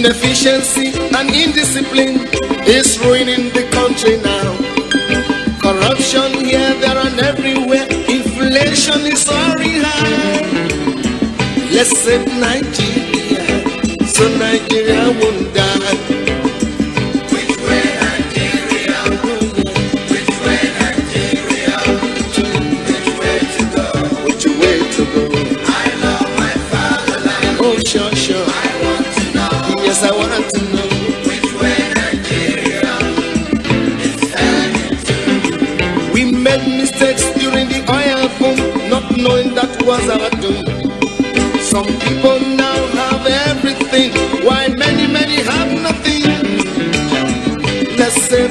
Inefficiency and indiscipline is ruining the country now. Corruption here, there, and everywhere. Inflation is already high. Let's save Nigeria so Nigeria won't. Some people now have everything, while many, many have nothing. Let's save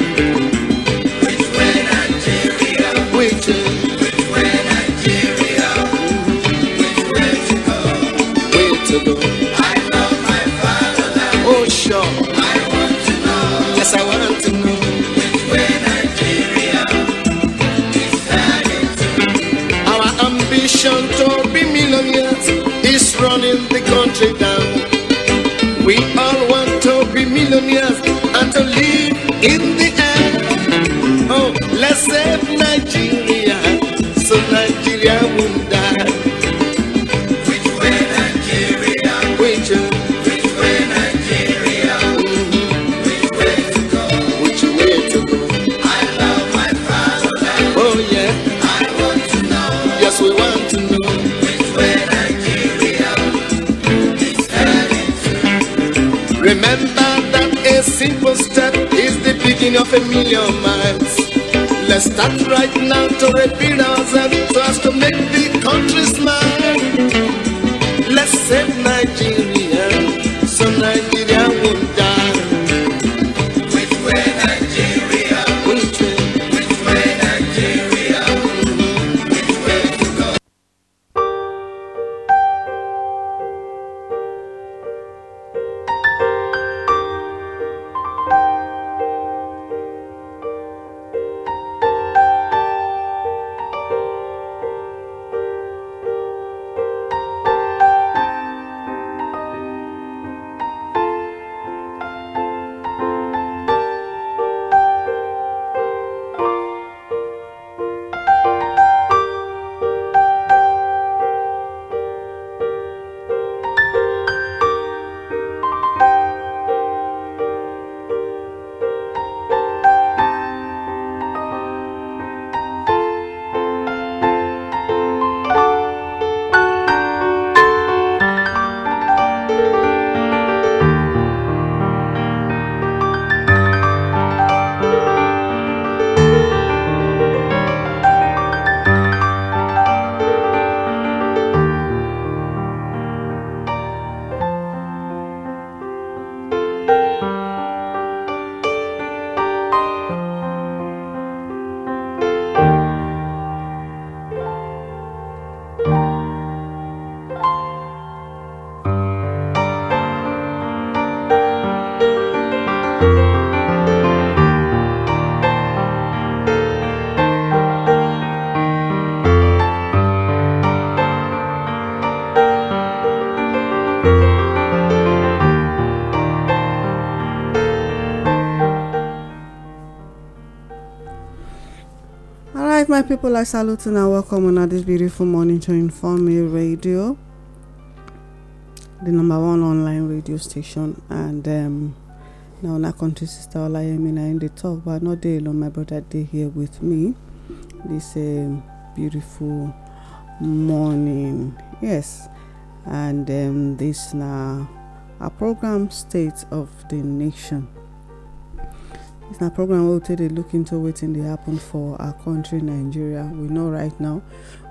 running the country down. We all want to be millionaires and to live in the familiar minds. Let's start right now to repeat ourselves as to make the country smile. Let's save night people, I salute and I welcome on this beautiful morning to Inform Me Radio, the number one online radio station. And um, now, na country sister I am in the talk, but not day alone. My brother day here with me this um, beautiful morning. Yes, and um, this now our program State of the Nation. It's a program where we take a look into waiting they happen for our country, Nigeria. We know right now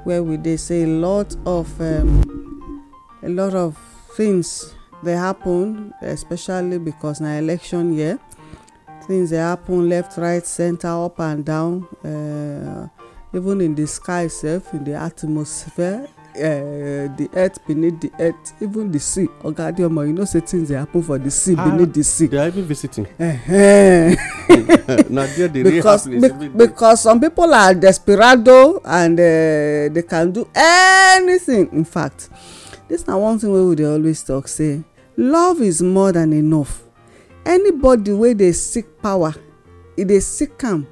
where we they say a lot of um, a lot of things they happen, especially because now election year things they happen left, right, center, up and down, uh, even in the sky itself, in the atmosphere, uh, the earth beneath the earth even the sea oga adeomo you know say things dey happen for the sea ah, beneath the sea. they are even visiting. na there the real happiness be, because some people are desperado and uh, they can do anything in fact this na one thing wey we dey always talk say love is more than enough anybody wey dey seek power e dey seek am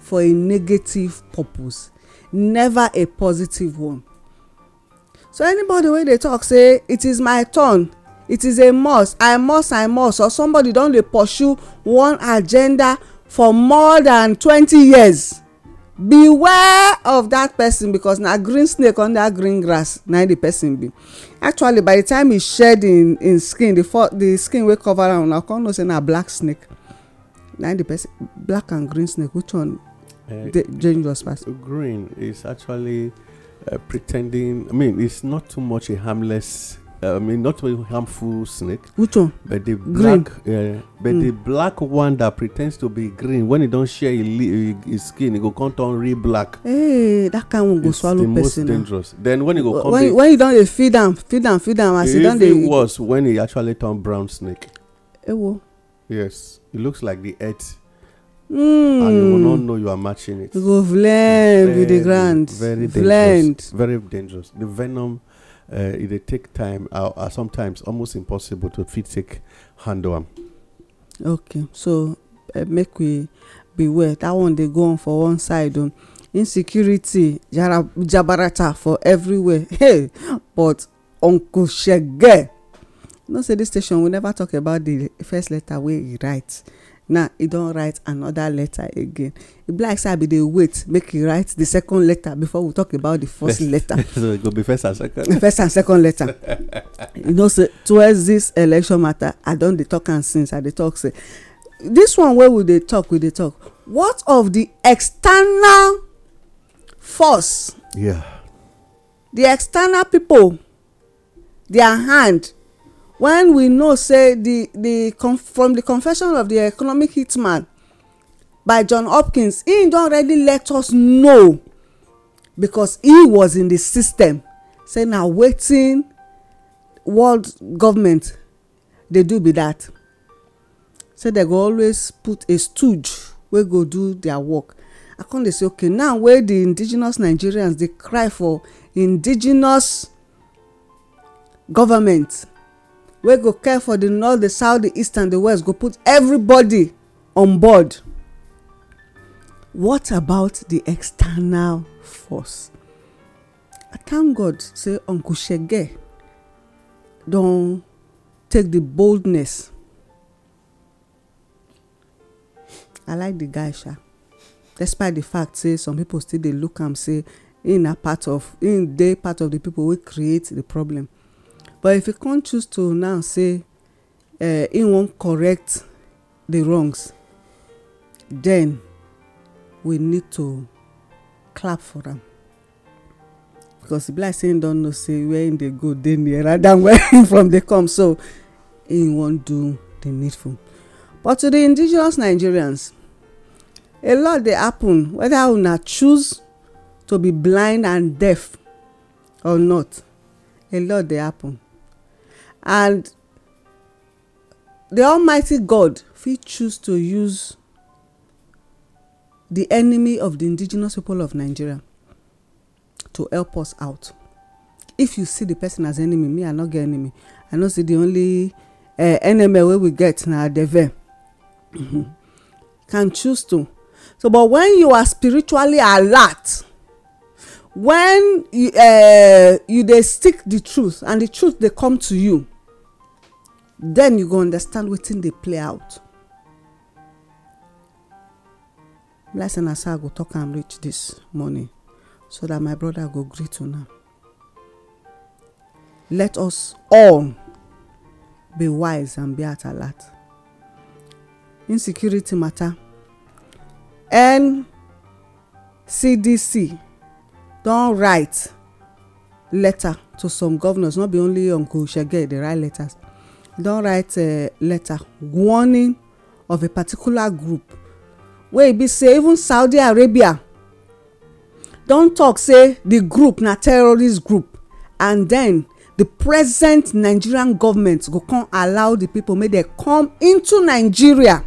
for a negative purpose never a positive one so anybody wey dey talk say it is my turn it is a must i must i must or somebody don dey pursue one agenda for more than twenty years beware of that person because na green snake under green grass na the person be actually by the time he shed him him skin the for the skin wey cover am una come know say na black snake na the person black and green snake which one uh, dangerous pass. green is actually Uh, pretending. I mean, it's not too much a harmless. Uh, I mean, not a harmful snake. Which one? But the green. black, uh, but mm. the hmm. black one that pretends to be green when it don't share his skin, it go come turn real black. Hey, that kind one go swallow person. It's the most eh? dangerous. Then when it go come, when, they, when you don't feed them, feed them, feed them, as you don't. worse when it actually turn brown snake. Ewo. Yes, it looks like the earth Mm. and you will not know you are matching it. You go blend with the grand. Very dangerous. Very dangerous. The venom, uh, it take time, uh, uh, sometimes almost impossible to fit take handle them. Okay, so uh, make we beware. That one they go on for one side. Um, insecurity jabarata for everywhere. Hey, but Uncle Shege. You say this station, we never talk about the first letter we write now he don write another letter again e be like say i bin dey wait make he write the second letter before we talk about the first letter so it go be first and second first and second letter you know say towards this election matter i don dey talk am since i dey talk say this one wey we dey talk we dey talk what of the external force yeah the external people their hand when we know say the the from the confession of the economic hitman by john hopkins he don already let us know because he was in the system say na wetin world government dey do be that say dem go always put a stooge wey go do their work i come dey say okay now wey the indigenous nigerians dey cry for indigenous government wey go care for the north the south the east and the west go put everybody on board what about the external force i thank god say uncle shege don take the boldness i like the guy sha despite the fact say some people still dey look am say him na part of him dey part of the people wey create the problem but if you come choose to now say uh, im wan correct the wrongs then we need to clap for am because e be like say im don know say where im dey go dey nearer than where im from dey come so he wan do the needful but to the indigenous nigerians a lot dey happen whether una choose to be blind and deaf or not a lot dey happen and the almighty god fit choose to use the enemy of the indigenous people of nigeria to help us out if you see the person as enemy me i no get enemy i know say the only uh, enemy wey we get na adeve mm-hmm. can choose to so but when you are spiritually alert when you uh, you dey stick the truth and the truth dey come to you then you go understand wetin dey play out blessing na so i go talk am reach this morning so that my brother go greet una let us all be wise and be at alert insecurity matter ncdc don write letter to some governors not be only uncle shege dey write letters don write uh, letter warning of a particular group wey e be say even saudi arabia don talk say the group na terrorist group and then the present nigerian government go come allow the people make dem come into nigeria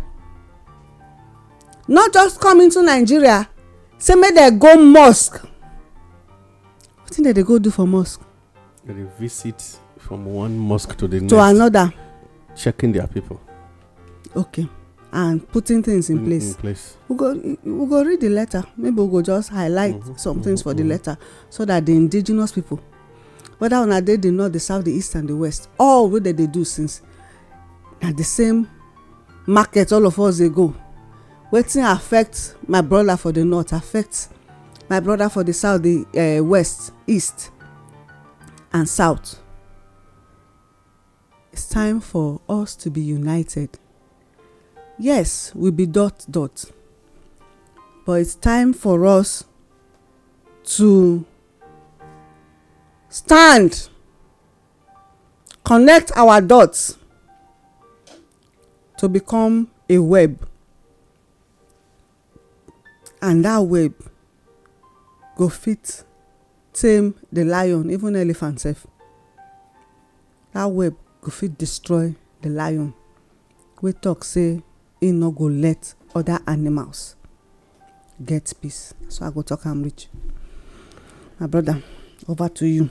not just come into nigeria say make dem go mosque wetin dem dey go do for mosque they dey visit from one mosque to the next to another checking their people okay and putting things in place we go we go read the letter maybe we go just highlight mm-hmm. some things for the mm-hmm. letter so that the indigenous people whether una dey the north the south the east and the west all wey dem dey do since na the same market all of us dey go wetin affect my brother for the north affect my brother for the south the uh, west east and south it's time for us to be united yes we be dot dot but it's time for us to stand connect our dots to become a web and that web go fit tame the lion even elephant sef that web go fit destroy the lion wey talk say im no go let other animals get peace so i go talk am reach my brother over to you.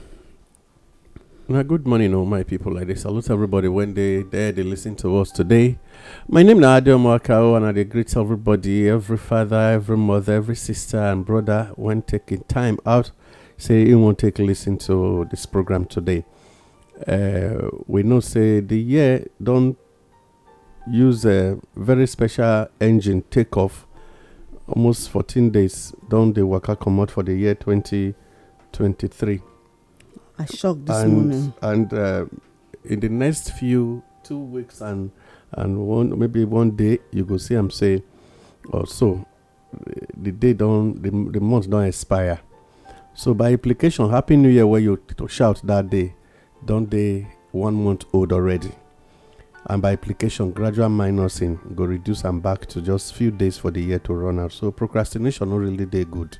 Now, good morning, all my people. Like this, salute everybody when they there, they listen to us today. My name is Adio Mwakao, and I greet everybody, every father, every mother, every sister, and brother when taking time out. Say, you want to take listen to this program today. Uh, we know, say, the year don't use a very special engine take off. Almost 14 days, don't the waka come out for the year 2023. I shocked this and, morning. And uh, in the next few two weeks and and one maybe one day you go see I'm say or oh, so the day don't the, the month don't expire. So by implication, Happy New Year where you to shout that day, don't they one month old already? And by application, gradual minusing go reduce and back to just few days for the year to run out. So procrastination not really they good.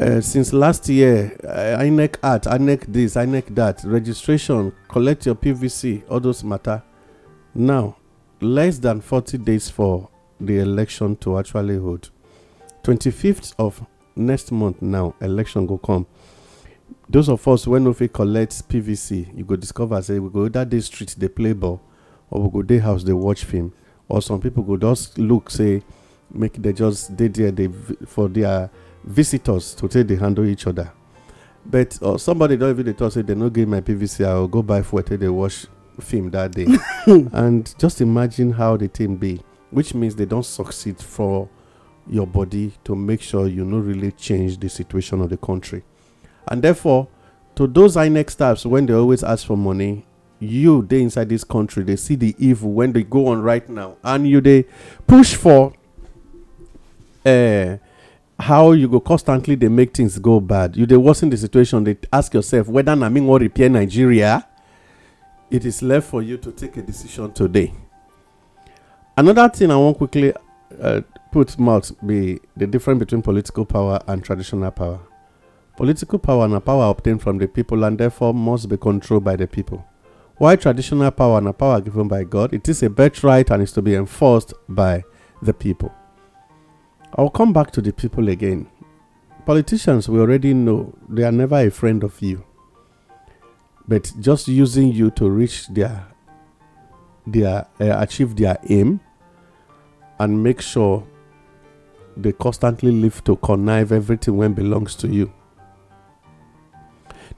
Uh, since last year, uh, INEC Art, INEC this, INEC that, registration, collect your PVC, all those matter. Now, less than 40 days for the election to actually hold. 25th of next month now, election go come. Those of us when we collect PVC, you go discover say we go that day street they play ball, or we go day house they watch film, or some people go just look say make they just day there they for their visitors to take dey handle each other but uh, somebody don't even dey talk say do no give my pvc i go buy fuel They dey watch film that day and just imagine how the thing be which means they don't succeed for your body to make sure you no really change the situation of the country and therefore to those inec staffs when they always ask for money you they inside this country they see the evil when they go on right now and you they push for uh, how you go constantly They make things go bad you are worsen the situation They ask yourself whether na me wan repair nigeria it is left for you to take a decision today another thing i want quickly uh, put mouth be the difference between political power and traditional power political power na power obtained from the people and therefore must be controlled by the people while traditional power na power given by god it is a birthright and is to be enforced by the people I'll come back to the people again. Politicians, we already know they are never a friend of you, but just using you to reach their, their uh, achieve their aim, and make sure they constantly live to connive everything when belongs to you.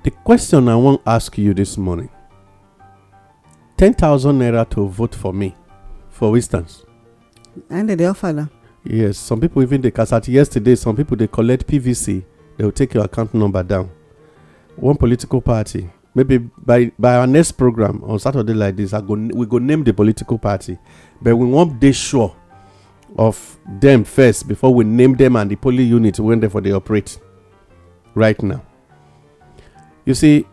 The question I want to ask you this morning: ten thousand naira to vote for me, for instance. And the offer Yes, some people even they cause at yesterday, some people they collect PVC, they will take your account number down. One political party, maybe by by our next program on Saturday like this, I go we go name the political party, but we won't be sure of them first before we name them and the police unit when therefore they operate right now. You see,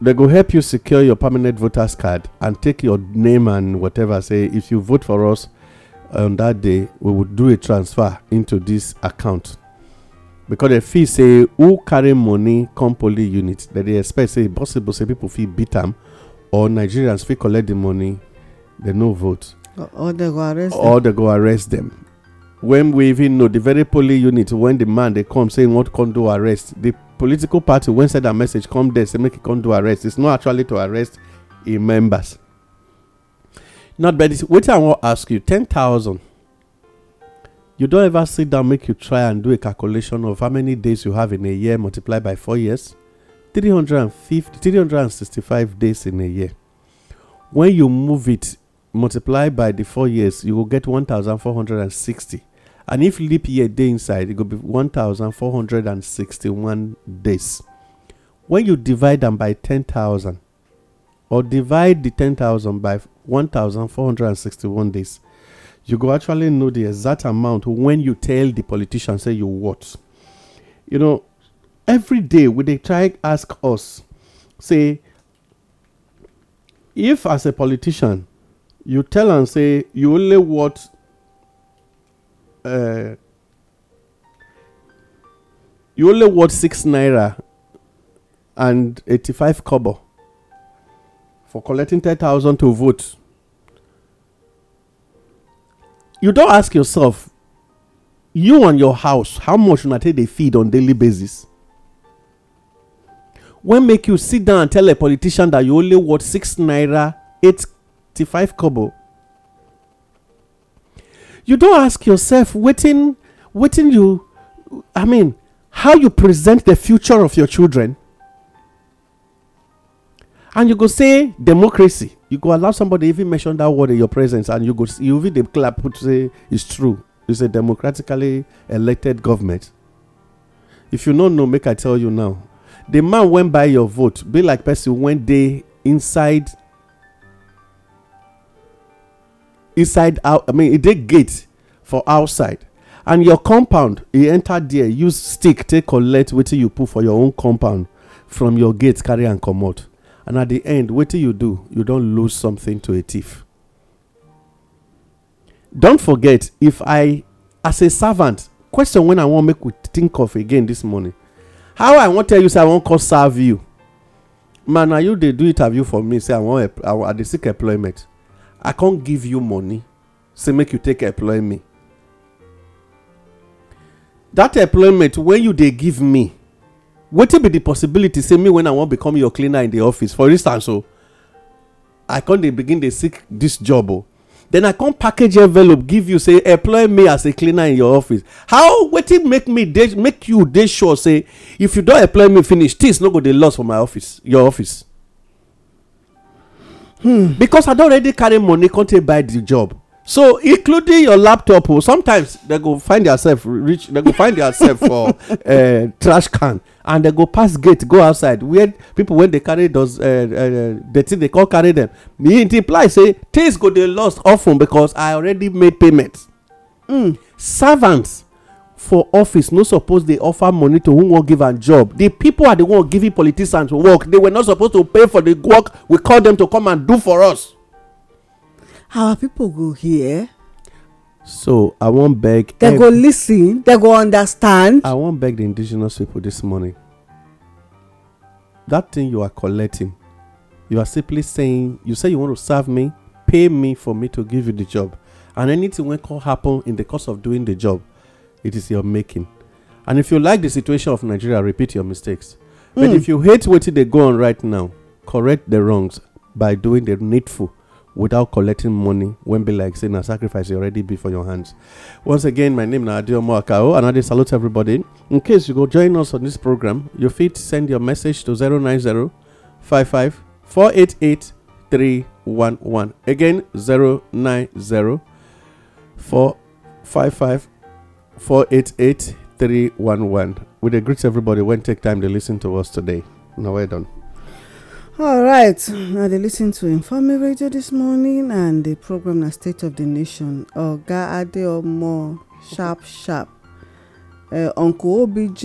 they go help you secure your permanent voters card and take your name and whatever. Say if you vote for us, on that day we would do a transfer into this account because dem fee say who carry money come poly unit dem dey expect say e possible say people fit beat am or nigerians fit collect the money they no vote or they go arrest them. when we even know the very poly unit when the man dey come say e wan come do arrest the political party wey send am message come there say make e come do arrest its not actually to arrest e members not by this wait i want to ask you 10000 you don't ever sit down make you try and do a calculation of how many days you have in a year multiplied by four years 350 365 days in a year when you move it multiply by the four years you will get 1460 and if leap year day inside it will be 1461 days when you divide them by 10000 or divide the 10,000 by 1,461 days, you go actually know the exact amount when you tell the politician, say you what. You know, every day when they try ask us, say, if as a politician, you tell and say you only what uh, you only what six naira and 85 kobo for collecting 10,000 to vote. You don't ask yourself, you and your house, how much you take they feed on daily basis? When make you sit down and tell a politician that you only worth 6 naira, 85 kobo? You don't ask yourself, waiting, waiting you, I mean, how you present the future of your children and you go say democracy you go allow somebody even mention that word in your presence and you go you even dey clap to say it's true it's a democratically elected government if you no know make i tell you now the man wey buy your vote be like person wey dey inside inside out i mean e dey gate for outside and your compound e enter there use stick take collect wetin you put for your own compound from your gate carry am comot and at the end wetin you do you don't lose something to a thief Don't forget if i as a servant question when i want make we think of again this morning how i wan tell you say i wan come serve you man na you dey do interview for me say i wan i dey seek employment i con give you money say make you take employ me that employment wey you dey give me wetin be the possibility say me when i wan become your cleaner in the office for instance o oh, i come dey begin dey seek this job o oh. then i come package envelope give you say employ me as a cleaner in your office how wetin make me make you dey sure say if you don employ me finish things no go dey lost for my office your office hmm because i don already carry money con take buy the job so including your laptop o oh, sometimes dem go find theirself reach dem go find theirself for eh, trash can and they go pass gate go outside where people wey dey carry those uh, uh, the thing they call carry dem it imply say things go dey lost of ten because i already made payment mm. servants for office no suppose dey offer money to who wan give am job The people are the one giving politicians work they were not supposed to pay for the work we call them to come and do for us our people go hear so i wan beg dem go listen dem go understand i wan beg the indigenous people this morning that thing you are collecting you are simply saying you say you want to serve me pay me for me to give you the job and anything wey could happen in the course of doing the job it is your making and if you like the situation of nigeria repeat your mistakes mm. but hmm. if you hate wetin dey go on right now correct the wrongs by doing the needful without collecting money when be like saying a sacrifice already be for your hands. Once again, my name is Adio Moakao and I salute everybody. In case you go join us on this program, you fit send your message to 090 55 488 311. Again, 090 455 488 311. We greet everybody when take time to listen to us today. Now we're done. all right Now they listen to informe radio this morning and the program na state of the nation oga adeomo sharp sharp eh, uncle obj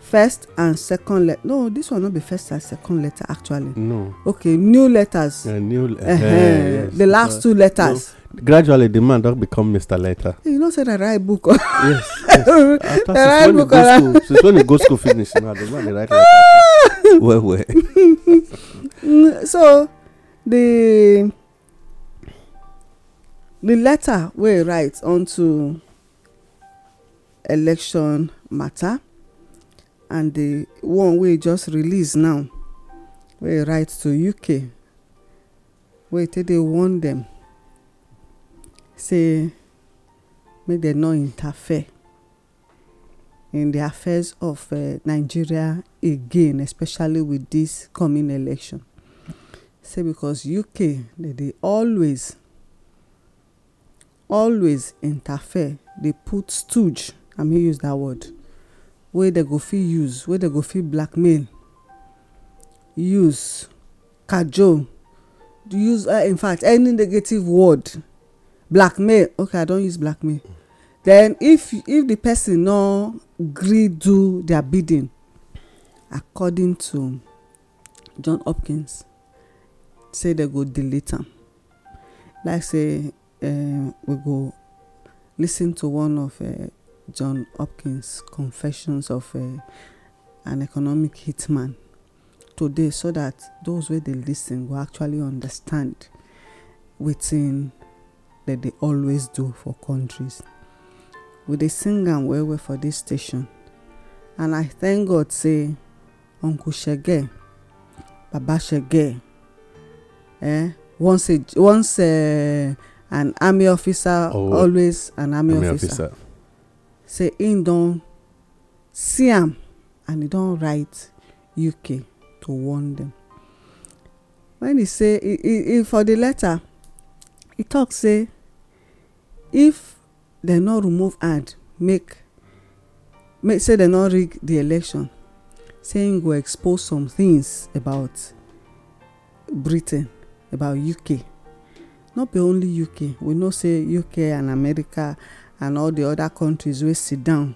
first and second letter no this one no be first and second letter actually no okay new letters eh, new uh, yes. the last two letters gradually the man don become mr letter. you know say na write book. yes yes after since when he go school since when he go school finish now the man dey write letter well well. so the the letter wey he write unto election matter and the one wey just release now wey write to uk wey take dey warn them. say make dem no interfere in the affairs of uh, nigeria again especially with this coming election say because uk dey dey always always interfere dey put stooge i mean use that word wey dem go fit use wey dem go fit blackmail use cajole use uh, in fact any negative word blackmail okay i don use blackmail then if if the person no gree do their bidding according to john hopkins say they go delete am like say um, we go lis ten to one of uh, john hopkins confessions of uh, an economic hitman today so that those wey dey lis ten go actually understand wetin That they always do for countries we dey sing am well well for dis station and i thank god say uncle shege baba shege eh once a once uh, an army officer oh, always an army officer say im don see am and he don write uk to warn dem When he say e for the letter e talk say if dem no remove ad, make make say dem no rig di election say im go expose some things about britain about uk no be only uk we know say uk and america and all di oda countries wey sit down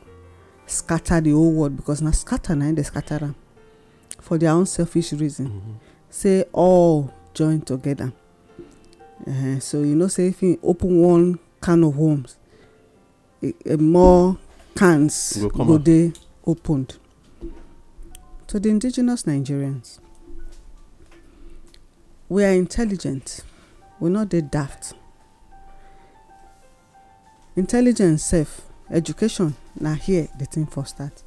scatter di whole world because na scatter na im dey scatter am for their own selfish reason mm-hmm. say all join together Uh, so you know say if you open one can of worms a e, e, more cans go, go dey opened to the indigenous nigerians we are intelligent we no dey daft intelligence sef education na here the thing for start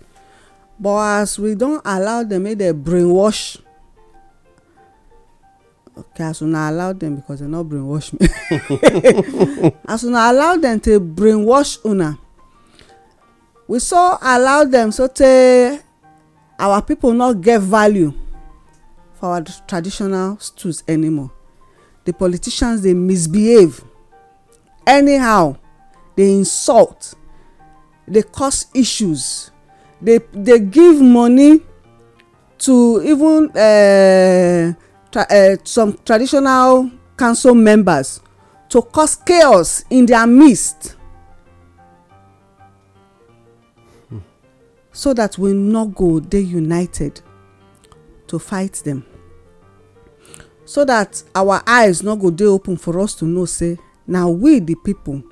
but as we don allow them, make they brainwash okay as una allow them because dem no brainwash me as una allow them to brainwash una we so allow them so tey our people no get value for our traditional stools anymore the politicians dey misbehave anyhow dey insult dey cause issues dey dey give money to even uh, uh, some traditional council members to cause chaos in their midst hmm. so that we no go dey united to fight them so that our eyes no go dey open for us to know say na we the people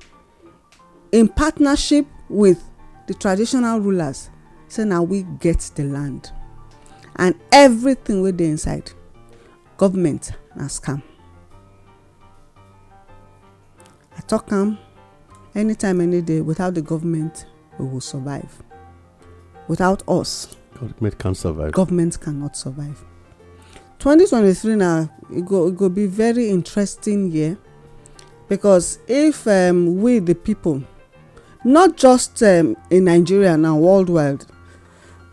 in partnership with the traditional rulers say na we get the land and everything wey dey inside government na scam i talk am anytime any day without the government we will survive without us government can survive government cannot survive 2023 na e go e go be very interesting year because if um, we the people not just um, in nigeria now worldwide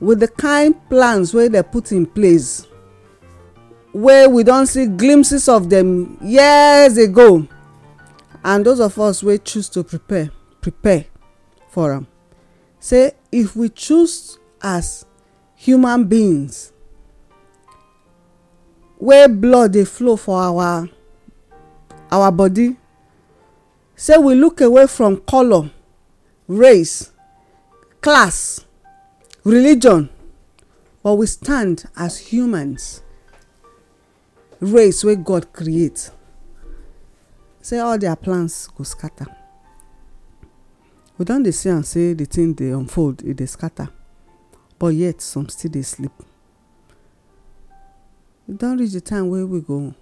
with the kind plans wey dey put in place wey we don see glimpses of them years ago and those of us wey choose to prepare prepare for am say if we choose as human beings wey blood dey flow for our our body say we look away from color, race class religion but we stand as humans race wey god create say all their plans go scatter we don dey see am say the thing dey unfold e dey scatter but yet some still dey sleep e don reach the time wey we go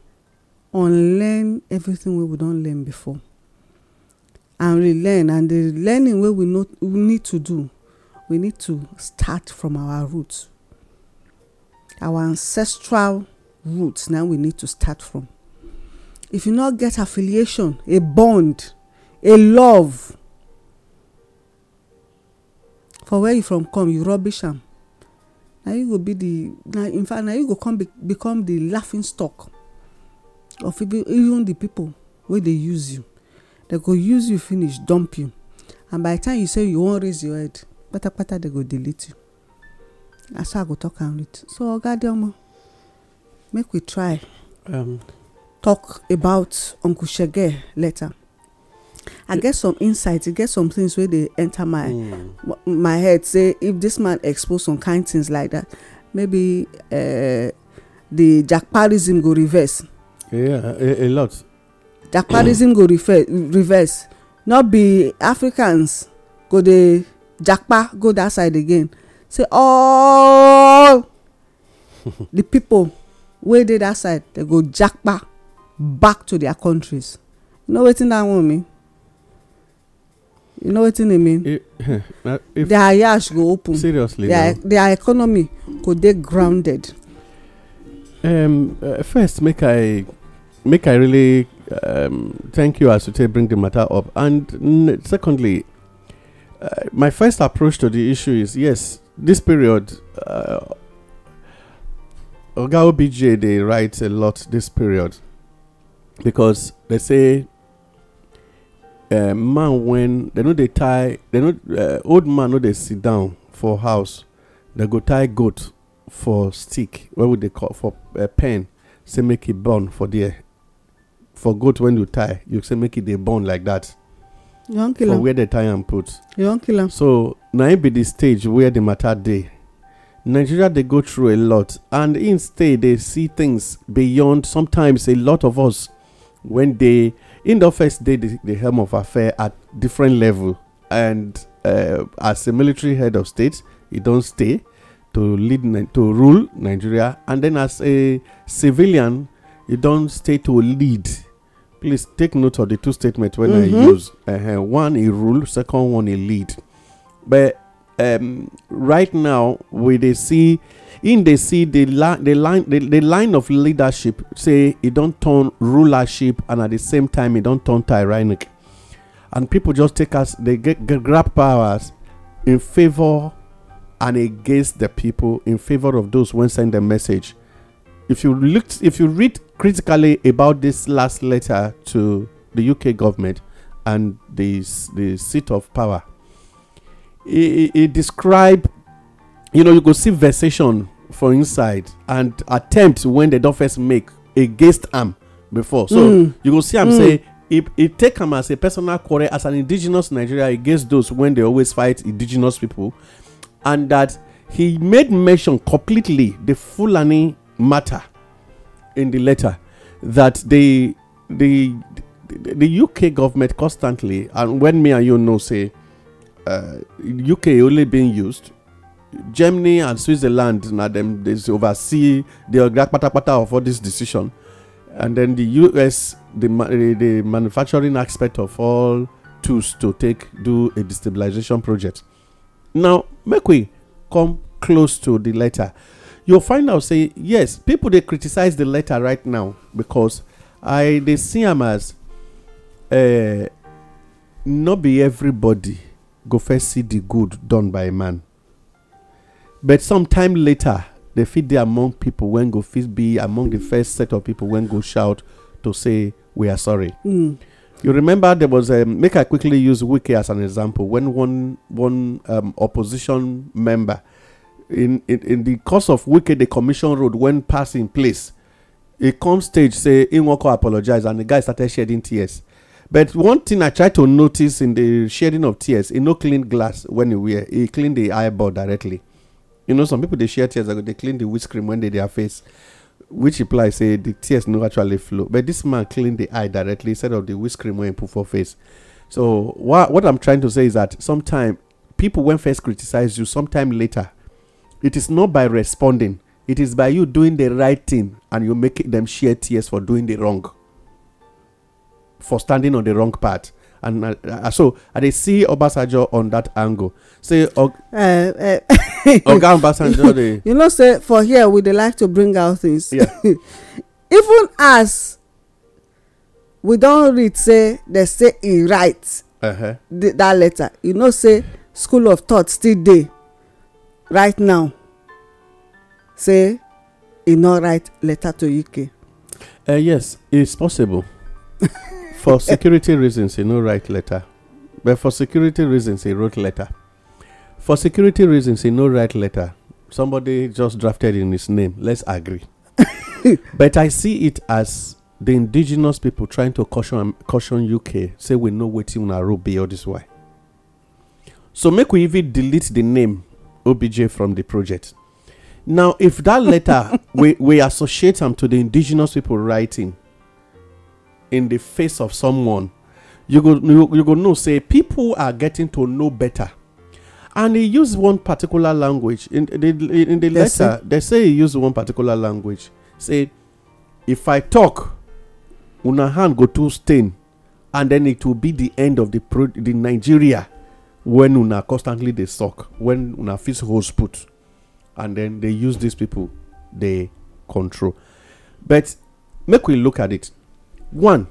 unlearn everything wey we don learn before and relearn and the learning wey we, we need to do we need to start from our root our ancestral roots now we need to start from if you not get affiliation a bond a love for where you from come you rubbish am na you go be the na in fact na you go come be, become the laughing stock of even, the people wey dey use you they go use you finish dump you and by the time you say you wan raise your head patapata they go delete you na so i go talk am with so oga de omo make we try um, talk about uncle shege later i get some insight e get some things wey dey enter my mm. my head say if this man expose some kind things like that maybe uh, the jackparism go reverse. yeah a, a lot. jackparism go refer, reverse not be africans go dey jackpa go that side again say all the people wey dey dat side dem go japa back to their countries you know wetin dat one mean you know wetin e mean eh, eh, their yash go open seriously their economy go dey grounded um, uh, first make i make i really um, thank you as you take bring the matter up and secondly uh, my first approach to the issue is yes this period uh, Oga OBJ they write a lot this period because they say uh, man when they know they tie they know uh, old man know they sit down for house they go tie goat for stick what would they call for a uh, pen say make it e burn for there for goat when you tie you say make it e they burn like that you don't kill for him. where they tie and put you don't kill him. so now be the stage where the matter day Nigeria they go through a lot, and instead they see things beyond. Sometimes a lot of us, when they in the office, they the, the helm of affair at different level, and uh, as a military head of state, you don't stay to lead to rule Nigeria, and then as a civilian, you don't stay to lead. Please take note of the two statements when mm-hmm. I use. Uh, one, a rule. Second one, a lead. But um, right now we they see in they see the, line, the line the, the, line of leadership say it don't turn rulership and at the same time it don't turn tyrannic and people just take us they get, get grab powers in favor and against the people in favor of those when send the message if you look if you read critically about this last letter to the uk government and this the seat of power he, he describe you know you go see vexation for inside and attempt when they don first make against am before so mm. you go see am mm. say e e take am as a personal quarrel as an indigenous nigeria against those when dey always fight indigenous people and that he made mention completely the fulani matter in the letter that the the the uk government constantly and when me and you know say uk uh, only being used germany and switzerland na dem dey oversee the oga patapata of all this decision and then the us the, the manufacturing aspect of all tools to take do a destabilization project now make we come close to the letter you'll find out say yes people they criticize the letter right now because i they see them as uh, not be everybody go first see the good done by a man but sometime later they fit there among people when go fit be among the first set of people when go shout to say we are sorry mm. you remember there was a um, make i quickly use wiki as an example when one one um, opposition member in, in in the course of wiki the commission road when passing place e come stage say in wan apologize and the guy started shedding tears But one thing I try to notice in the shedding of tears, he no clean glass when he wear. He clean the eyeball directly. You know, some people they share tears, they clean the whisk cream when they their face, which implies say the tears no actually flow. But this man clean the eye directly instead of the whisk cream when he put for face. So what what I'm trying to say is that sometimes people when first criticize you, sometime later, it is not by responding. It is by you doing the right thing and you make them shed tears for doing the wrong. for standing on the wrong path. And uh, uh so I they see Obasanjo on that angle. Say, og- uh, uh, Oga Obasanjo, they, you know, say for here we they like to bring out things. Yeah. Even as we don't read, say they say he writes uh-huh. that letter. You know, say school of thought still dey right now. Say he not write letter to UK. Uh, eh, yes, it's possible. for security reasons, he no write letter. But for security reasons, he wrote letter. For security reasons, he no write letter. Somebody just drafted in his name. Let's agree. but I see it as the indigenous people trying to caution caution UK say we know waiting on our be all this why. So make we even delete the name OBJ from the project. Now, if that letter we, we associate them to the indigenous people writing, in the face of someone you go you, you go know say people are getting to know better and he used one particular language in the in the letter they say he used one particular language say if i talk una hand go to stain and then it will be the end of the pro the nigeria when una constantly they suck when una face hold put and then they use these people they control but make we look at it one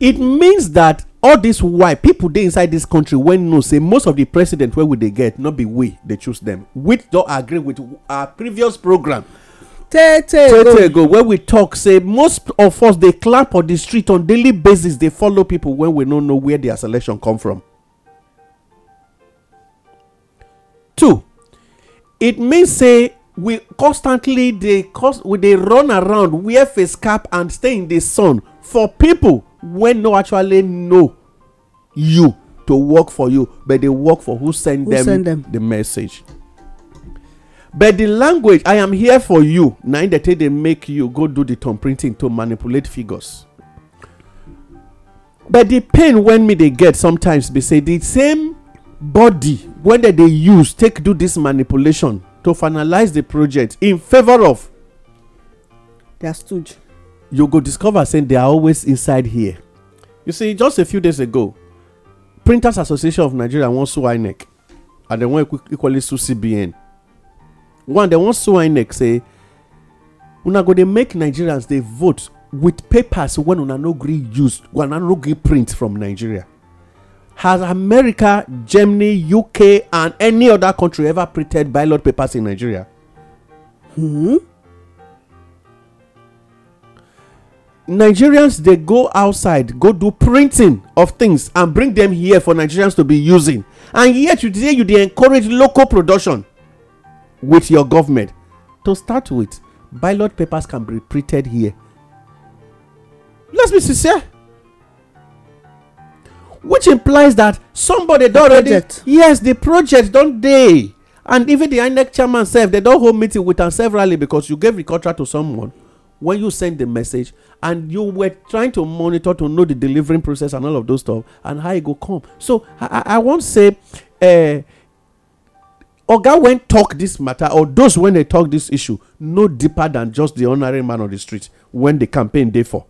it means that all dis white people dey inside this country wey know say most of the president wey we dey get not be we dey choose them. We don agree with our previous programme tey tey ago wey we talk say most of us dey clap on the street on daily basis dey follow people wey we no know where their selection come from two it mean say we constantly dey cost we dey run around wear face cap and stay in the sun for people wey no actually know you to work for you but dey work for who send who send them the message but the language i am here for you na im dey take dey make you go do the thumb printing to manipulate figures but the pain when me dey get sometimes be say the same body wey dem dey use take do this manipulation to finalize the project in favor of they are stood you go discover saying they are always inside here you see just a few days ago printers association of nigeria wan sue inec and they wan equally sue cbn one they wan sue inec say una go dey make nigerians dey vote with papers wey una no gree use una no gree print from nigeria Has America, Germany, UK, and any other country ever printed ballot papers in Nigeria? Hmm? Nigerians they go outside, go do printing of things and bring them here for Nigerians to be using. And yet you say you they encourage local production with your government. To start with, ballot papers can be printed here. Let's be sincere which implies that somebody don already yes the project don dey and even the inec chairman sef dem don hold meeting with am severally because you gave the contract to someone when you send the message and you were trying to monitor to know the delivering process and all of those stuff and how e go come so i i wan say uh, oga wen talk this matter or those wen dey talk this issue no deeper than just the ordinary man on the street wen the campaign dey for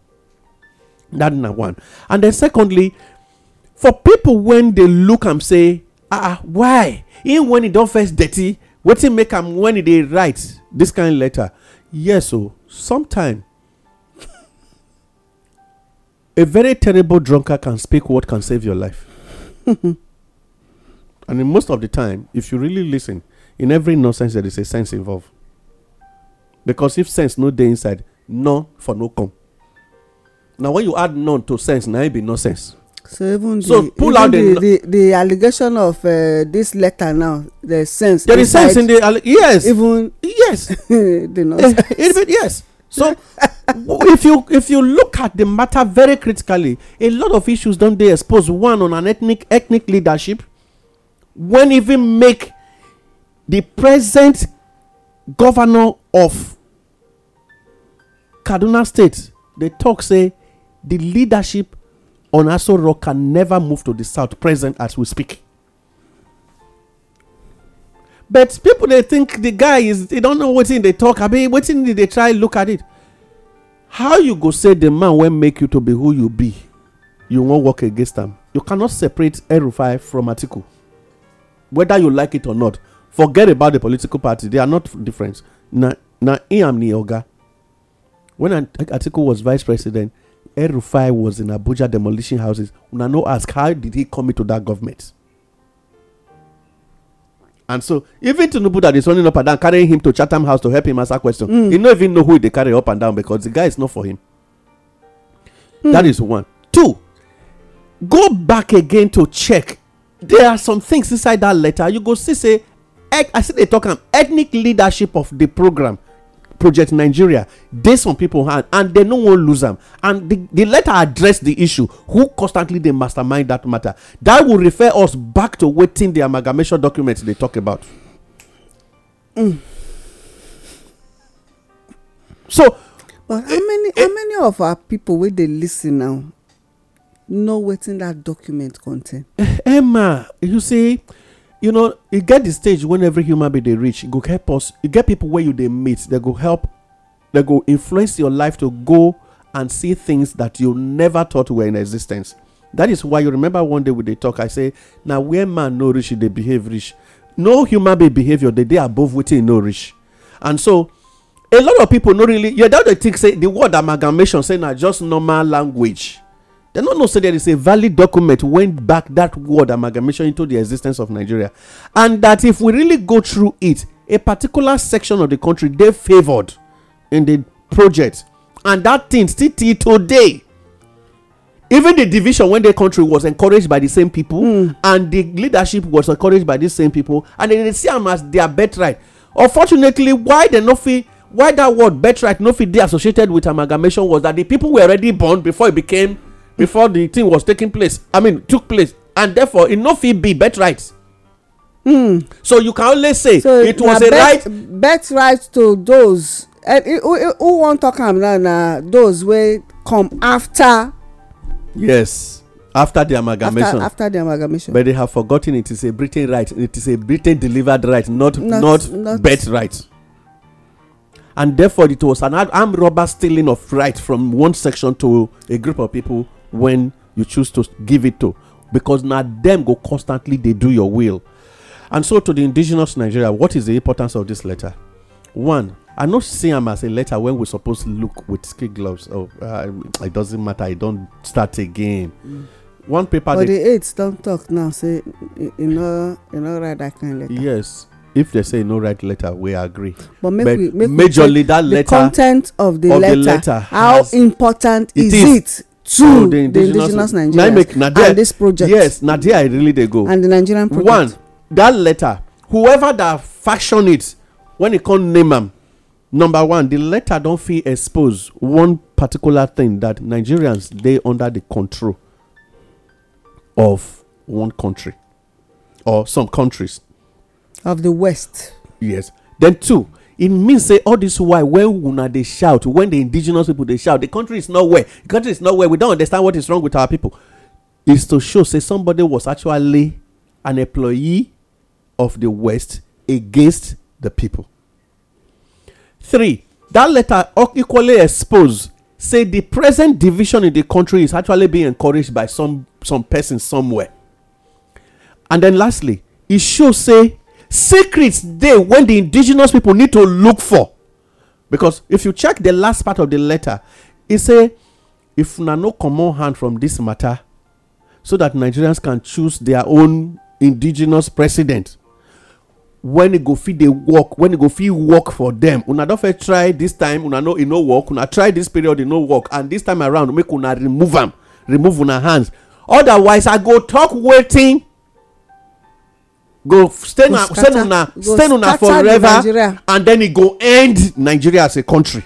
that na one and then secondly for people, wen dey look am say ah, ah why him wen e don first dirty wetin make am wen e dey write dis kind letter yes o oh, sometime a very terrible drunkard can speak what can save your life and in most of the time if you really listen in every nonsense there is a sense involved because if sense no dey inside none for no come na when you add none to sense na it be nonsense so even so the, pull even out the, the, the the allegation of uh, this letter now the sense there is sense in the yes even yes the eh, nonsense. even yes so if you if you look at the matter very critically a lot of issues don't they exposed one on an ethnic ethnic leadership when even make the present governor of kaduna state dey talk say the leadership Onaso Rock can never move to the south, present as we speak. But people they think the guy is they don't know what in they talk. I mean, what in they try look at it. How you go say the man will make you to be who you be? You won't work against them. You cannot separate Erufai from Atiku. Whether you like it or not, forget about the political party. They are not different. Now, now I am Nioga. When Atiku was vice president, El-Rufai was in Abuja demolishing houses. Una no ask how did he come into that government? And so even Tinubu that is running up and down, carrying him to Chatham House to help him answer questions, mm. he don't even know who they carry up and down because the guy is not for him. Mm. That is one. Two, go back again to check. There are some things inside that letter. You go see say, I see they talk um, ethnic leadership of the program project nigeria dey some people hand and dem no wan lose am and the the letter address the issue who constantly dey mastermind that matter that will refer us back to wetin di amalgamation document dey talk about mm. so but how many how many of our people wey dey listen now know wetin that document contain eh, emma you see you know e get the stage when every human being they reach e go help us You e get people where you they meet they go help they go influence your life to go and see things that you never thought were in existence that is why you remember one day we dey talk i say now where man no rich, they behave rich. no human being behavior, they they above wetin e no rich. and so a lot of people no really you don dey think say the word amalgamation say now just normal language They don't know say there is a valid document went back that word amalgamation into the existence of Nigeria, and that if we really go through it, a particular section of the country they favoured in the project, and that thing still today. Even the division when the country was encouraged by the same people, mm. and the leadership was encouraged by the same people, and they see them as their birthright. Unfortunately, why they no fit why that word birthright no fit dey associated with amalgamation was that the people were already born before it became before the thing was taking place i mean took place and therefore e no fit be birthright Mm. so you can only say so it was a right birthright to those eh, who who wan talk am now na those wey come after. yes after the amalgamation after, after the amalgamation but they have forgotten it is a britain right it is a britain delivered right not not, not birth right and therefore it was an armed robber stealing of right from one section to a group of people when you choose to give it to because now them go constantly they do your will and so to the indigenous nigeria what is the importance of this letter one i not see am as a letter when we suppose look with skin gloves oh uh, it doesn't matter i don't start again mm. one paper but the aides don't talk now say you know you know write that kind letter yes if they say no write letter we agree but make but we make majorly we that letter the content of the letter, the letter how important is it, is it to the indigenous nigerians and this project yes na there i really dey go and the nigerian project one that letter whoever that fashion it when e come name am number one the letter don fit expose one particular thing that nigerians dey under the control of one country or some countries of the west yes then two It mean say all this why when una dey shout when the indigenous people dey shout the country is not well di country is not well we don understand what is wrong with our people is to show say somebody was actually an employee of the west against the people three dat letter equally expose say di present division in di country is actually being encouraged by some some person somewhere and then lastly e show say secrets dey when the indigenous people need to look for because if you check the last part of the letter e say if una no comot hand from this matter so that nigerians can choose their own indigenous president when e go fit dey work when e go fit work for them, una don first try this time una no e no work una try this period e no work and this time around make una remove am remove una hands otherwise i go talk wetin go stay una stay una forever and then e go end nigeria as a country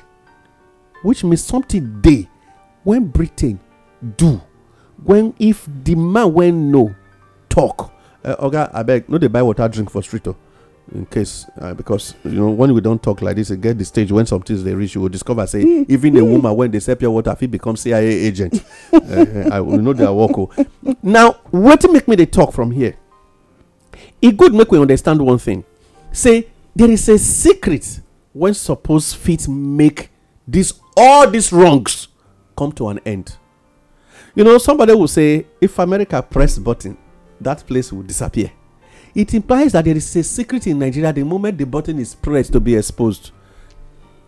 which means something dey when britain do when if the man wey know talk eh, oga abeg no dey buy water drink for street o oh, in case eh, because you know when we don talk like this, e get the stage when some things dey reach you go discover say even a woman wey dey sell pure water fit become cia agent eh, i no dey work o oh. now wetin make me dey talk from here e good make we understand one thing say there is a secret when suppose fit make this all these wrongs come to an end you know somebody will say if america press button that place will disappear it implies that there is a secret in nigeria the moment the button is pressed to be exposed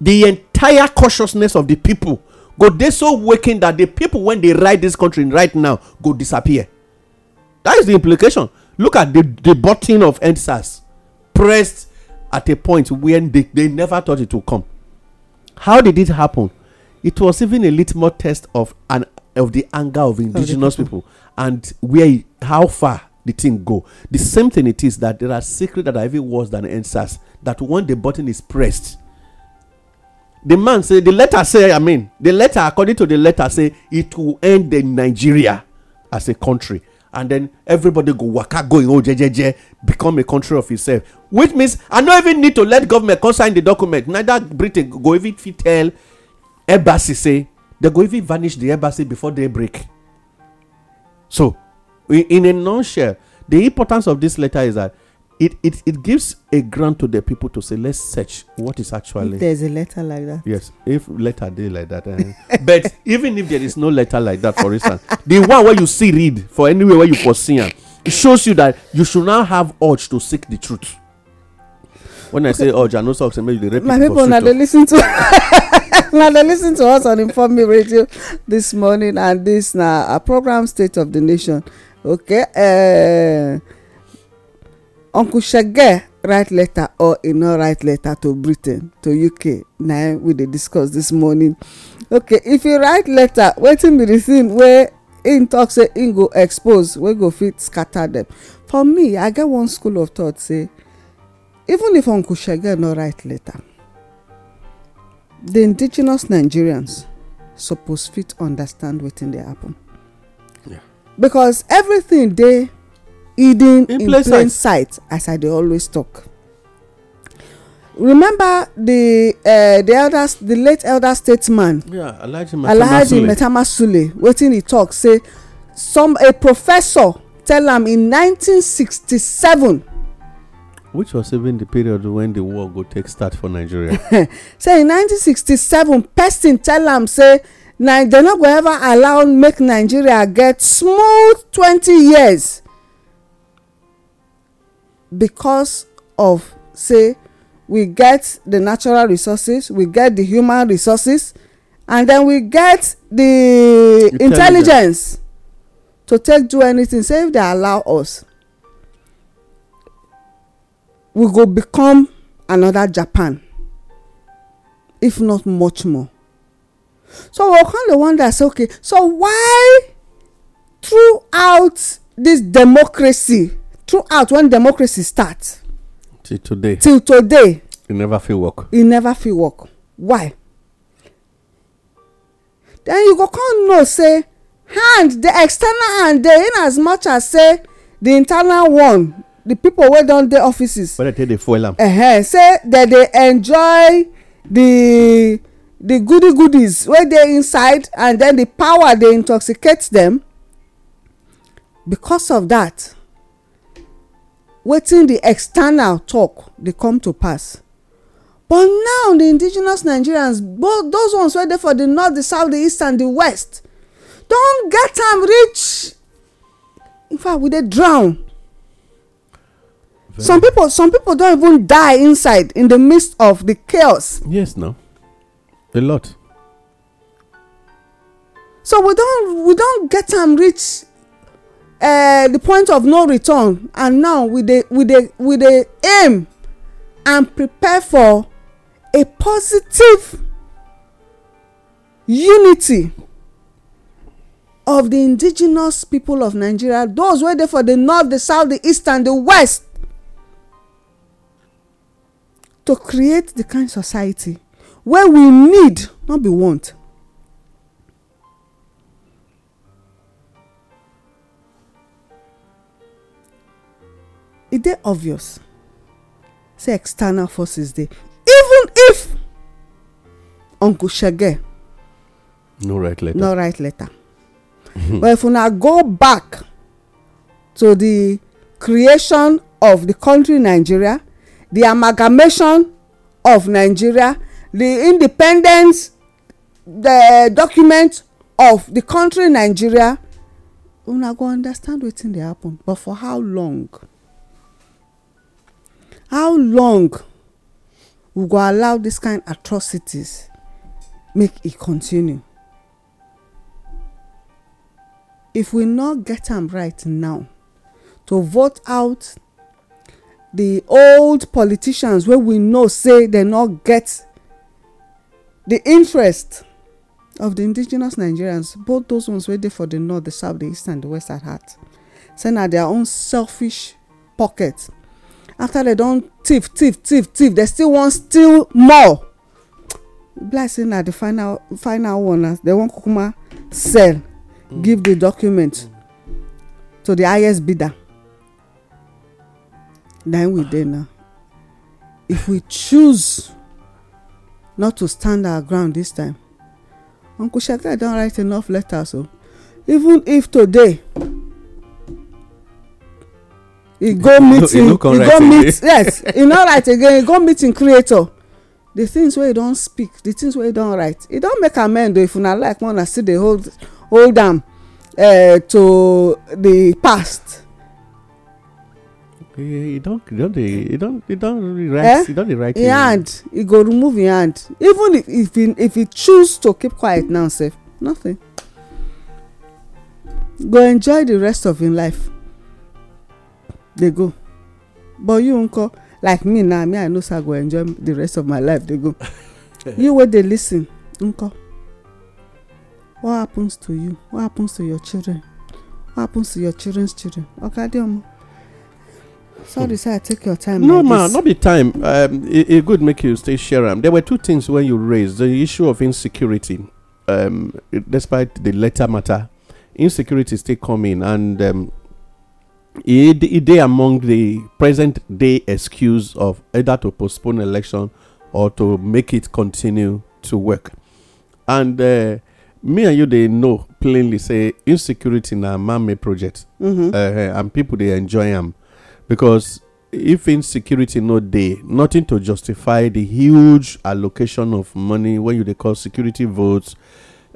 the entire consciousness of the people go dey so waking that the people when they ride this country right now go disappear that is the implication look at the the button of endsars pressed at a point when they, they never thought it would come how did it happen it was even a little more test of an of the anger of indigenous people. and where how far the thing go the same thing it is that there are secrets that are even worse than answers that when the button is pressed the man say the letter say i mean the letter according to the letter say it will end in nigeria as a country and then everybody go waka go im own jejeje become a country of itself which means i no even need to let government consign the document neither britain go even fit tell embassy say they go even vanish the embassy before day break so in a nutshell the importance of this letter is that it, it it gives a grant to the people to say let's search what is actually if there's a letter like that yes if letter day like that uh, but even if there is no letter like that for instance the one where you see read for anywhere where you foresee it shows you that you should now have urge to seek the truth when i say urge i know socks and maybe they rape my people now they listen to now they listen to us on inform radio this morning and this now a uh, program state of the nation okay uh, uncle shege write letter or e no write letter to britain to uk na we dey discuss this morning okay if e write letter wetin be the thing wey im tok say im go expose wey go fit scatter them. for me i get one school of thought say even if uncle shege no write letter the indigenous nigerians suppose fit understand wetin dey happen. because everything dey hidden in plain, in plain sight. sight as i dey always talk remember the uh, the elders the late elder statesman yeah, alhaji metamasule wetin he talk say some a professor tell am in 1967 which was even the period when the war go take start for nigeria say in 1967 person tell am say na dem no go ever allow make nigeria get smooth 20 years because of say we get the natural resources we get the human resources and then we get the intelligence, intelligence to take do anything say if they allow us we go become another japan if not much more so we kind of wonder say okay so why throughout this democracy throughout when democracy start. till today. till today. e never fit work. e never fit work why. then you go come know say hand the external hand dey in as much as say the internal one the people wey don dey offices. wey dey take dey fuel am. Uh -huh, say dem dey enjoy the the goody goodies wey dey inside and then the power dey intoxicate them because of that wetin the external talk dey come to pass but now the indigenous nigerians both those ones wey dey for the north the south the east and the west don get am reach in fact we dey drown some people some people don even die inside in the midst of the chaos yes no a lot so we don we don get am reach uh, the point of no return and now we dey we dey we dey aim and prepare for a positive unity of the indigenous people of nigeria those wey dey for the north the south the east and the west to create the kind society wey we need no be want e dey obvious say external forces dey even if uncle shege no write letter no write letter but if una go back to the creation of the country nigeria the amalgamation of nigeria the independence the document of the country nigeria una go understand wetin dey happen but for how long how long we go allow this kind atrocities make e continue if we no get am right now to vote out the old politicians wey we know say dem no get the interest of the indigenous nigerians both those ones wey dey for the north the south the east and the west at heart say na their own selfish pockets after they don thief thief thief thief dem still wan steal more be like say na the final final one as dem wan kukuma sell mm. give the document mm. to the highest bidder na we dey now if we choose not to stand our ground this time uncle shekhar don write enough letters o oh. even if today He go meeting He go meet yes he no write again He go meeting creator the things wey he don speak the things wey he don write He don make amend o if una like make una still dey hold hold am uh, to the past. He don e don dey he don e don dey write He don dey write. e hand He go remove e hand even if if he if he choose to keep quiet now sef nothing go enjoy the rest of him life dey go but you nko like me now me i know say i go enjoy the rest of my life dey go you wey dey lis ten nko what happens to you what happens to your children what happens to your children's children okadeomo sorry say i take your time no ma no be time um, e, e good make you stay share am there were two things wey you raised the issue of insecurity Um, despite the later matter insecurity still come in and um it, it they among the present day excuse of either to postpone election or to make it continue to work and uh, me and you they know plainly say insecurity na man-made project mm-hmm. uh, and people they enjoy them because if insecurity no day nothing to justify the huge allocation of money when you they call security votes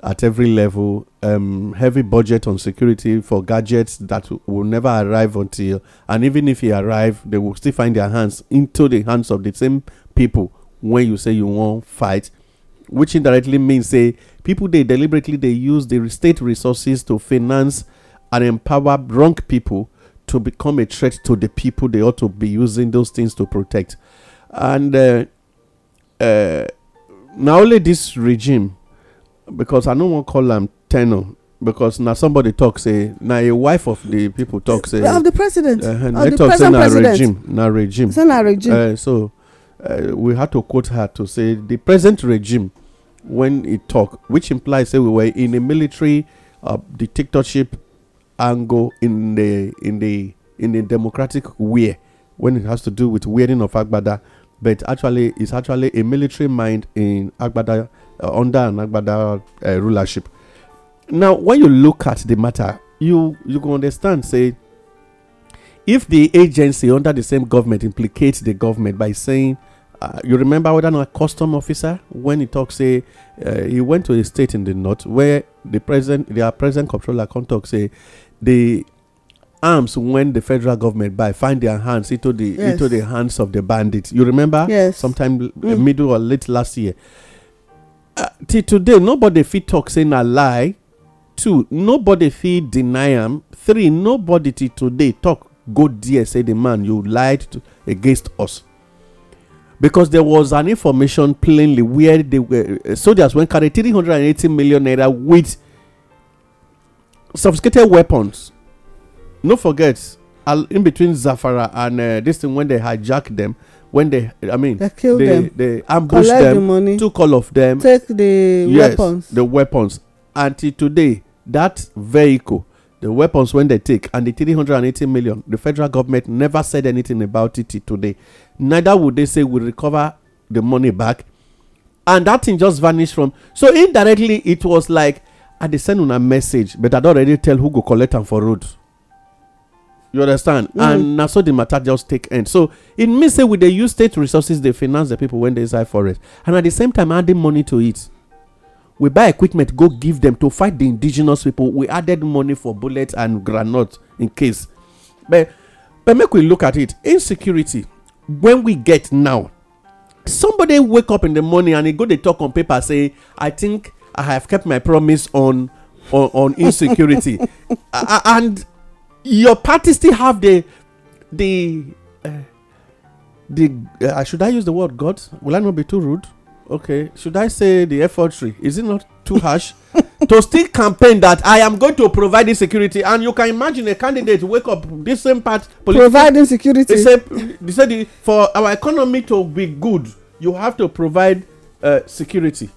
at every level, um, heavy budget on security for gadgets that will never arrive until, and even if he arrive, they will still find their hands into the hands of the same people when you say you won't fight, which indirectly means say people they deliberately they use the state resources to finance and empower wrong people to become a threat to the people they ought to be using those things to protect, and uh, uh, now only this regime because i no wan call am tenor because na somebody talk say na a wife of the people talk say of the president eh, eh, of the present president na regime na regime eh, so we had to quote her to say the present regime when e talk which implies say we were in a military uh, dictatorship angle in the in the in the democratic wear when it has to do with wearing of agbada but actually it's actually a military mind in agbada under an Agbada uh, rulership. Now, when you look at the matter, you you can understand. Say, if the agency under the same government implicates the government by saying, uh, you remember whether not a custom officer when he talks say eh, he went to a state in the north where the present their present controller come talk say the arms when the federal government by find their hands into the yes. into the hands of the bandits. You remember? Yes. Sometime mm. middle or late last year till today nobody fit talk say na lie two nobody fit deny am three nobody till today talk go there say the man you lied against us because there was an information plainly where they were eh, soldiers went carry 380 million naira with sophisticated weapons no forget in between zafara and uh, this thing when they hijacked them when they i mean they kill they, them they ambush Collect them the money, took all of them take the yes, weapons the weapons until today that vehicle the weapons when they take and the 380 million the federal government never said anything about it today neither would they say we recover the money back and that thing just vanished from so indirectly it was like i ah, dey send a message but i don already tell who go collect am for road you understand mm. and na so the matter just take end so it mean say we dey use state resources dey finance the people wey dey inside forest and at the same time adding money to it we buy equipment go give them to fight the indigenous people we added money for bullets and groundnut in case but but make we look at it insecurity when we get now somebody wake up in the morning and he go dey talk on paper say i think i have kept my promise on on, on insecurity and your party still have the the uh, the uh, should I use the word God? Will I not be too rude? Okay, should I say the effortry? Is it not too harsh to still campaign that I am going to provide this security? And you can imagine a candidate wake up this same part providing security. They said. they said the, for our economy to be good, you have to provide uh, security.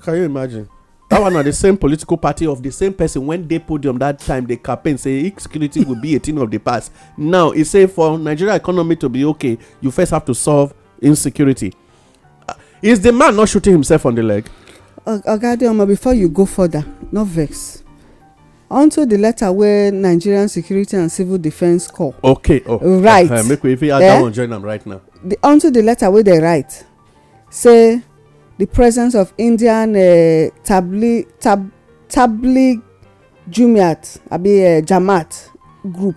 Can you imagine? that one na the same political party of the same person when dey podium that time dey campaign say security go be a thing of the past now e say for nigeria economy to be okay you first have to solve insecurity uh, is the man not shooting himself on the leg. oga adeoma before you go further no vex unto the letter wey nigerian security and civil defence corps. okay oh right uh, uh, make we fit add that eh? one join am right now. The, unto the letter wey dey write say the presence of indian uh, tabli tab tabli jumiat abi uh, eh, jamaat group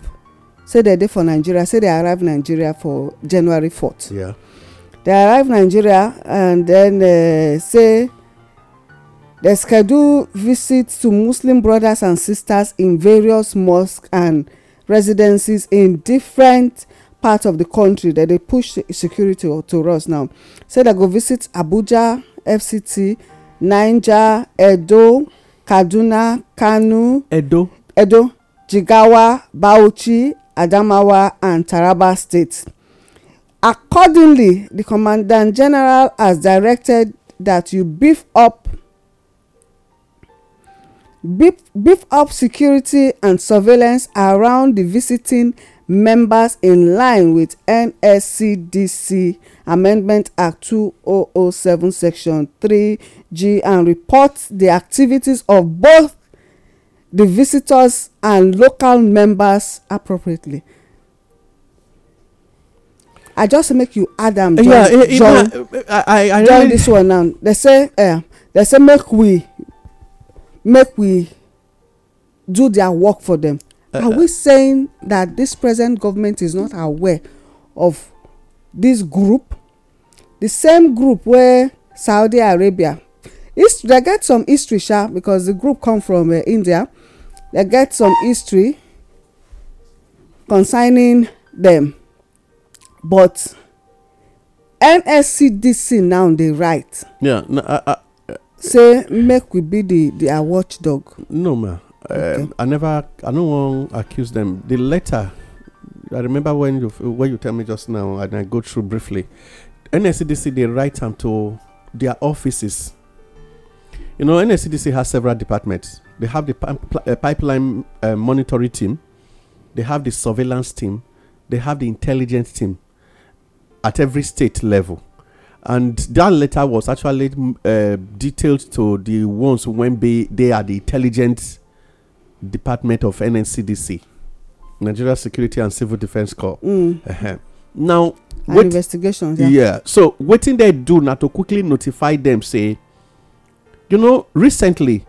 say they dey for nigeria say they arrive nigeria for january 4th yeah. they arrive nigeria and then uh, say they schedule visits to muslim brothers and sisters in various mosques and residences in different parts of the country that dey push security to us now say they go visit abuja fct niger edo kaduna kano edo edo jigawa bauchi adamawa and taraba states. accordingly the commandant general has directed that you beef up beef, beef up security and surveillance around the visiting members in line with NSCDC Amendment Act 2007 Section 3G and report the activities of both the visitors and local members appropriately. I just make you add am join yeah, it, join, I, I, I join really... this one now. They say uh, they say make we make we do their work for them are uh, we uh, saying that this present government is not aware of this group the same group where saudi arabia is? they get some history sha because the group come from uh, india they get some history concerning them but nscdc now dey write. Yeah, no, I, I, uh, say make we be the their watchdog. no ma Um, okay. I never, I no one accuse them. The letter, I remember when you when you tell me just now, and I go through briefly. NSCDC they write them to their offices. You know, NSCDC has several departments. They have the uh, pipeline uh, monitoring team, they have the surveillance team, they have the intelligence team at every state level and that letter was actually uh, detailed to the ones when they, they are the intelligence Department of NNCDC, Nigeria Security and Civil Defense Corps. Mm. Uh-huh. Now, and what, investigations. Yeah. yeah. So, what thing they do now to quickly notify them? Say, you know, recently,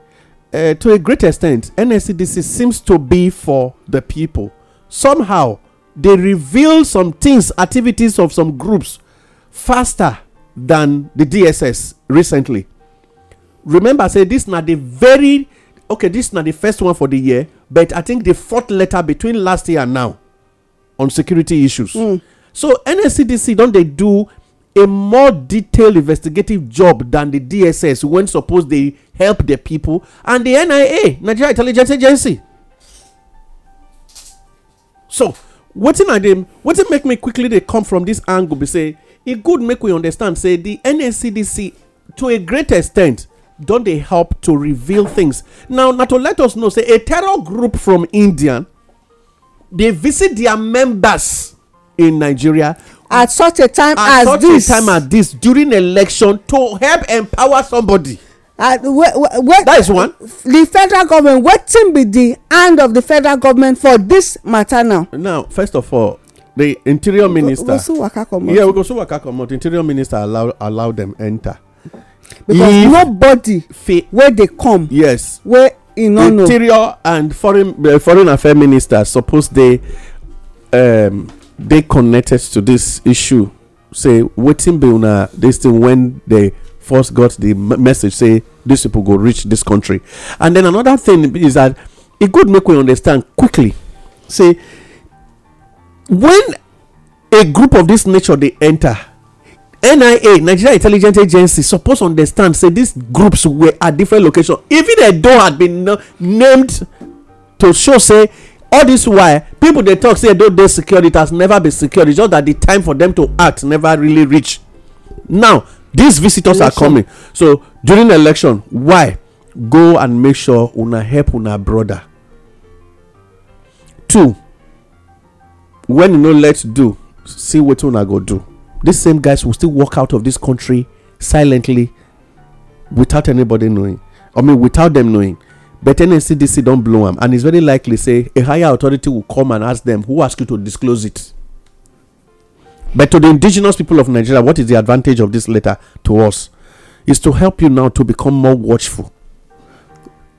uh, to a great extent, NNCDC seems to be for the people. Somehow, they reveal some things, activities of some groups faster than the DSS recently. Remember, I say this now the very okay this not the first one for the year but i think the fourth letter between last year and now on security issues mm. so nscdc not they do a more detailed investigative job than the dss when suppose they help the people and the nia nigeria intelligence agency so wetin i What wetin make me quickly they come from this angle be say it good make we understand say the nscdc to a great extent don dey help to reveal things now na to let us know say a terror group from india dey visit dia members in nigeria at such a time as this at such a time as this during election to help empower somebody that is one the federal government wetin be the hand of the federal government for this matter now now first of all the interior minister yeah we go so waka comot interior minister allow allow dem enter because if nobody wey dey come yes wey e no know interior and foreign uh, foreign affairs minister suppose dey um, dey connected to this issue say wetin be una this thing when they first got the message say this people go reach this country and then another thing is that e good make we understand quickly say when a group of this nature dey enter nia nigeria intelligence agency suppose understand say these groups were at different locations even dem don had been named to show say all this while people dey talk say edo dey secure it has never been secure it's just that the time for them to act never really reach now these visitors election. are coming so during election why go and make sure una help una brother two when you no let do see wetin una go do these same guys will still walk out of this country silently without anybody knowing. I mean, without them knowing. But NCDC don't blow them. And it's very likely, say, a higher authority will come and ask them, who asked you to disclose it? But to the indigenous people of Nigeria, what is the advantage of this letter to us? Is to help you now to become more watchful.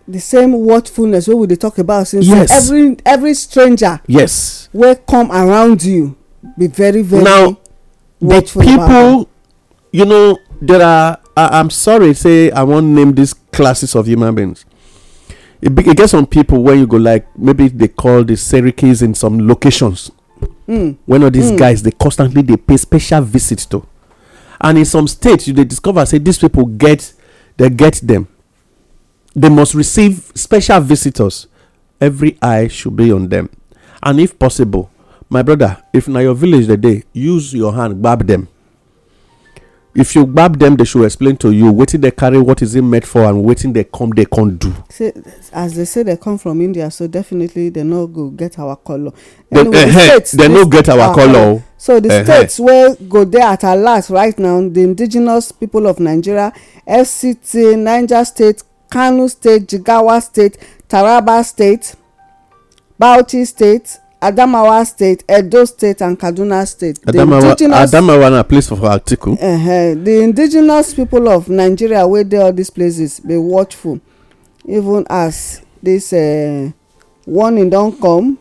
The same watchfulness What we they talk about since yes. every every stranger. Yes. will come around you be very very. Now but people you know there are I, am sorry say i won't name these classes of human beings it, it gets on people when you go like maybe they call the serikis in some locations mm. when all these mm. guys they constantly they pay special visits to and in some states you they discover say these people get they get them they must receive special visitors every eye should be on them and if possible my brother if na your village dey dey use your hand gbab dem if you gbab dem they should explain to you wetin dey carry what is it meant for and wetin dey come dey come do as they say they come from india so definitely they no go get our colour anyway eh, eh, they no get our ah, colour eh, so di states wey go dey at our last right now The indigenous people of nigeria fct niger state kano state jigawa state taraba state bauchi state adamawa state edo state and kaduna state adamawa adamawa na place for atiku uh, huh. the indigenous people of nigeria wey dey all these places be watchful even as this uh, warning don come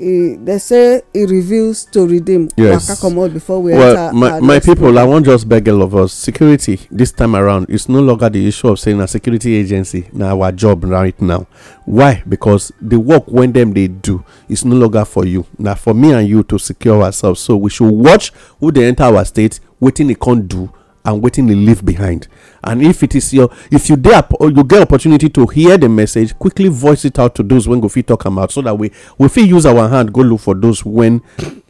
they say he reveals to redeem yes before we well, enter my, my people i wan just beg all of us security this time around it's no longer the issue of saying a security agency Now our job right now why because the work when them they do is no longer for you Now for me and you to secure ourselves so we should watch who they enter our state Waiting, they can't do and waiting they leave behind and if it is your if you there you get opportunity to hear the message quickly voice it out to those when go fit talk about so that we we fit use our hand go look for those when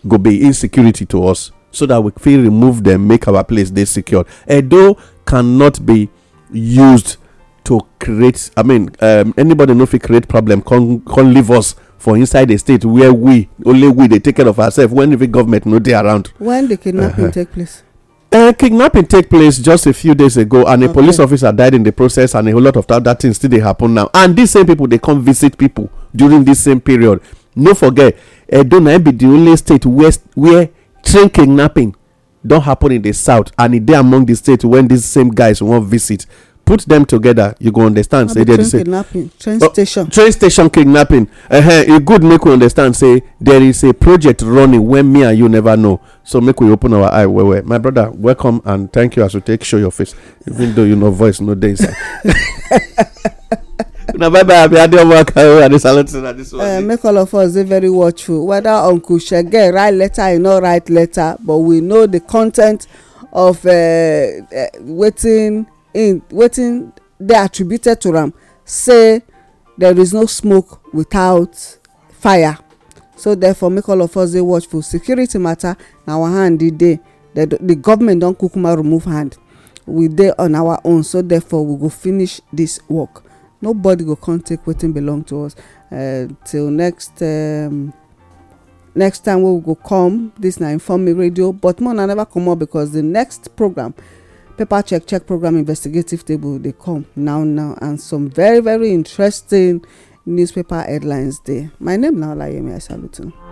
go be insecurity to us so that we feel remove them make our place they secure edo cannot be used to create i mean um, anybody no fit create problem can can leave us for inside the state where we only we they take care of ourselves when the government no dey around when the kidnapping uh-huh. take place A eh, kidnapping take place just a few days ago, and okay. a police officer died in the process, and a whole lot of other things still they happen now. And these same people they come visit people during this same period. No forget, Edo na be the only state where, where train kidnapping don't happen in the south, and e there among the states when these same guys wan visit put them together you go understand say they the same train oh, station train station kidnapping -huh. e good make we understand say there is a project running wey me and you never know so make we open our eye well well my brother welcome and thank you as we take show your face even though you no voice no dey inside na bye bye abi adeomo akawo adesalotun na this one. Uh, make all of us dey very watchful whether uncle shege write letter he no write letter but we know the con ten t of uh, uh, wetin in wetin dey attributed to am say there is no smoke without fire so therefore make all of us dey watchful security matter na our hand e dey the government don kukuma remove hand we dey on our own so therefore we go finish this work nobody go come take wetin belong to us eh, till next um, next time wey we go come dis na informe radio but more na never comot because the next program paper check check program investigative table dey come now now and some very very interesting newspaper headlines dey my name na olayemi i salute you.